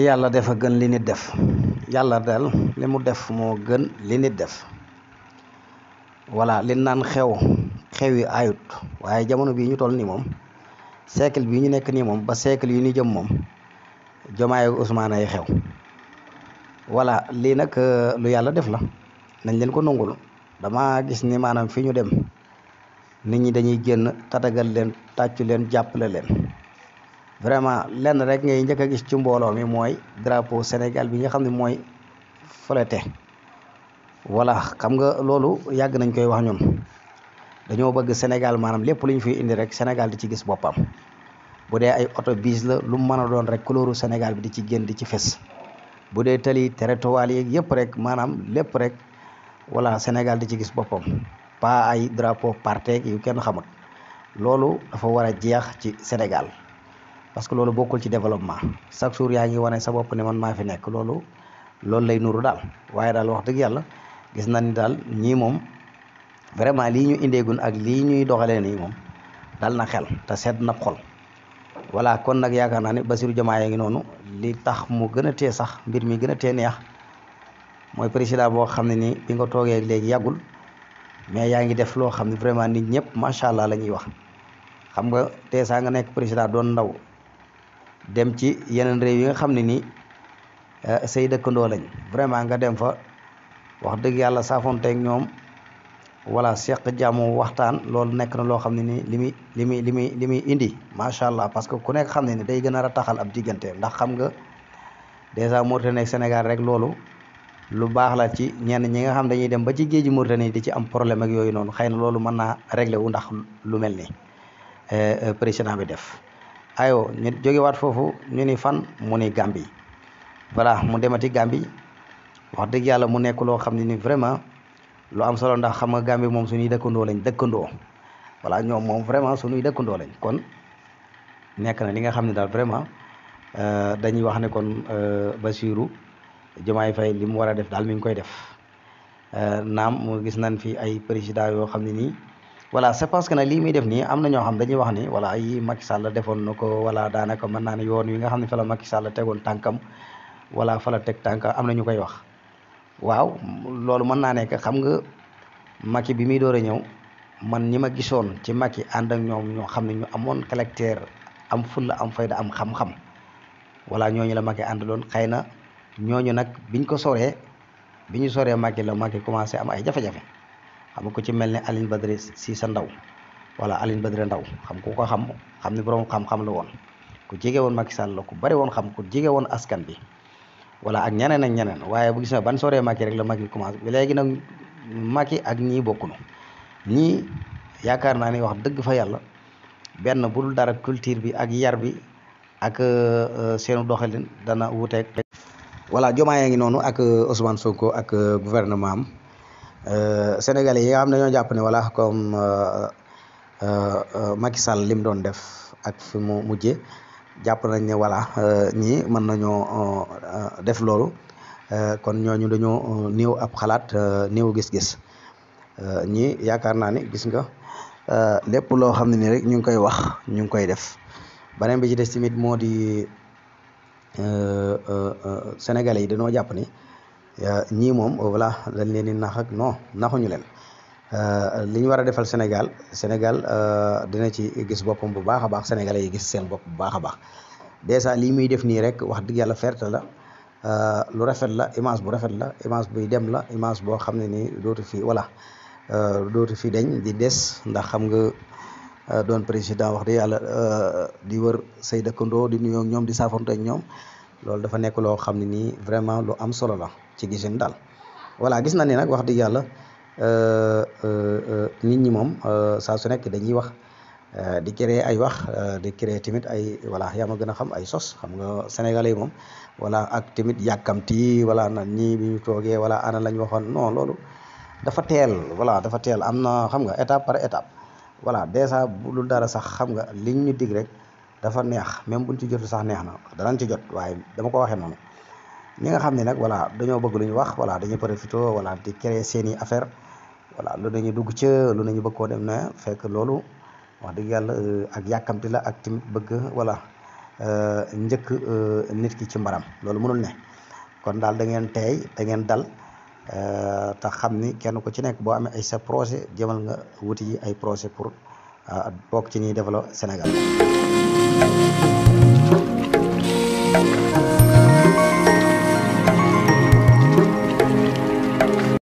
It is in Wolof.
li yàlla def a gën li nit def yàlla daal li mu def moo gën li nit def voilà li naan xew xew yi ayut waaye jamono bii ñu toll nii moom siècle bi ñu nekk nii moom ba siècle yu ñu jëm moom Jomaay ak ay xew voilà lii nag euh, lu yàlla def la nañ leen ko nangul dama gis ni maanaam fi ñu dem nit ñi dañuy génn tatagal leen tàccu leen jàppale leen vraiment lenn rek ngay njëkk a gis ci mbooloo mi mooy drapeau Sénégal bi nga xam ne mooy flotté voilà xam nga loolu yàgg nañ koy wax ñun dañoo bëgg Sénégal maanaam lépp lu ñu fiy indi rek Sénégal di ci gis boppam bu dee ay oto bis la lu mën a doon rek couleur Sénégal bi di ci génn di ci fes bu dee tali territoire yeeg yëpp rek maanaam lépp rek voilà Sénégal di ci gis boppam pas ay drapeau parté yu kenn xamut loolu dafa war a jeex ci Sénégal parce que loolu bokkul ci développement chaque jour yaa ngi wane sa bopp ne man maa fi nekk loolu loolu lay nuru daal waaye daal wax dëgg yàlla gis na ni daal ñii moom vraiment lii ñu indeegun ak lii ñuy doxalee nii moom dal na xel te sedd na xol voilà kon nag yaakaar naa ne Bassirou Diomaye ngi noonu li tax mu gën a tee sax mbir mi gën a tee neex mooy président boo xam ne nii bi nga toogee léegi yagul mais yaa ngi def loo xam ne vraiment nit ñëpp macha allah la ñuy wax xam nga tee saa nga nekk président doon ndaw dem ci yeneen réew yi nga xam ne nii eh, say dëkkandoo lañ vraiment nga dem fa wax dëgg yàlla teek ñoom wala seq jàmm waxtaan loolu nekk na loo xam ne nii li muy li muy li muy li muy indi macha allah parce que ku nekk xam ne ni day gën a rataxal ab diggante ndax xam nga dèjà Mauritanie ak Sénégal rek loolu lu baax la ci ñenn ñi nga xam dañuy dem ba ci géeju nii di ci am problème ak yooyu noonu xëy na loolu mën naa réglé wu ndax lu mel ni eh, président bi def. ayo ñu jógewaat foofu ñu ni fan mu ni Gambie voilà mu demati Gambie wax dëgg yàlla mu nekk loo xam ne ni vraiment loo am solo ndax xam nga Gambie moom suñuy dëkkandoo lañ dëkkandoo voilà ñoom moom vraiment suñuy dëkkandoo lañ kon nekk na li nga xam ne daal vraiment euh, dañuy wax ne kon euh, Bassirou Diomaye Faye li mu war a def daal mi ngi koy def euh, naam mu gis nañ fi ay président yoo xam ne nii voilà c'est parce que nag lii muy def nii am na ñoo xam dañuy wax ni voilà yi Macky defoon na ko voilà daanaka mën naa ne yoon wi nga xam ne fa la Macky Sall tegoon tànkam voilà fa teg tànkam am na ñu koy wax waaw loolu mën naa nekk xam nga Macky bi muy door a ñëw man ñi ma gisoon ci Macky ànd ak ñoom ñoo xam ne ñu amoon caractère am fulla am fayda am xam-xam voilà ñooñu la Macky àndaloon xëy na ñooñu nag biñ ko soree bi ñu soree Macky la Macky commencé am ay jafe-jafe xam nga ku ci mel ni ne Alioune Badara Cissé Ndaw wala Alioune Badara Ndaw xam ku ko xam xam ne borom xam-xam la woon ku jege woon Macky Sall la ku bari woon xam ku jege woon askan bi wala ak ñeneen ak ñeneen waaye bu gis na ban soree Macky rek la Macky commencé bi léegi nag Macky ak ñii bokkunu ñii yaakaar naa ni wax dëgg fa yàlla benn bu dul dara culture bi ak yar bi ak euh, seenu doxalin dana wuteeg. voilà Diomaye yaa ngi noonu ak euh, Ousmane Sonko ak euh, gouvernement am. Euh, Sénégalais yi nga xam ne ñoo jàpp ne wala comme euh, euh, Macky Sall li mu doon def ak fi mu mujje jàpp nañ ne wala ñii mën nañoo def loolu kon ñooñu dañoo néew ab xalaat néew gis-gis ñii yaakaar naa ni gis nga lépp loo xam ne ni rek ñu ngi koy wax ñu ngi koy def beneen bi ci des tamit moo di Sénégalais yi dañoo jàpp ni ñii moom voilà dañ leen di nax ak non naxuñu leen euh, li ñu war a defal Sénégal Sénégal euh, dina ci gis boppam bu baax a baax sénégal yi gis seen bopp bu baax a baax dèjà lii muy def nii rek wax dëgg yàlla ferte la euh, lu rafet la image bu rafet la image buy dem la image boo xam ne nii dootu fi voilà dootu fi dañ di des ndax xam nga. doon président wax dëgg yàlla di wër say dëkkandoo di nuyoo ñoom di saafonte ak ñoom loolu dafa nekk loo xam ne nii vraiment lu am solo la ci gisin daal voilà gis na ni nag wax dëgg yàlla euh, euh, euh, nit ñi moom saa su nekk dañuy wax di créer ay wax di créer tamit ay voilà yaa a gën a xam ay sos xam nga sénégalais yi moom wala ak tamit yàkkamti voilà na ñii bi ñu toogee wala ana lañ waxoon non loolu dafa teel voilà dafa teel am na xam nga étape par étape voilà dèjà bu dul dara sax xam nga liñ ñu dig rek dafa neex même buñ ci jotul sax neex na danañ ci jot waaye dama ko waxee noonu ñi nga xam ne nag voilà dañoo bëgg lu ñu wax voilà dañuy profité voilà di créer seeni affaire voilà lu ñu dugg ca lu ñu bëgg koo dem na fekk loolu wax dëgg yàlla euh, ak yàkkamti la ak tamit bëgg voilà euh, njëkk euh, nit ki ci mbaram loolu mënul ne kon daal da ngeen teey da ngeen dal tax xam ni kenn ku ci nekk boo amee ay sa projet jëmal nga wuti yi ay projet pour bokk ci ñuy développé Sénégal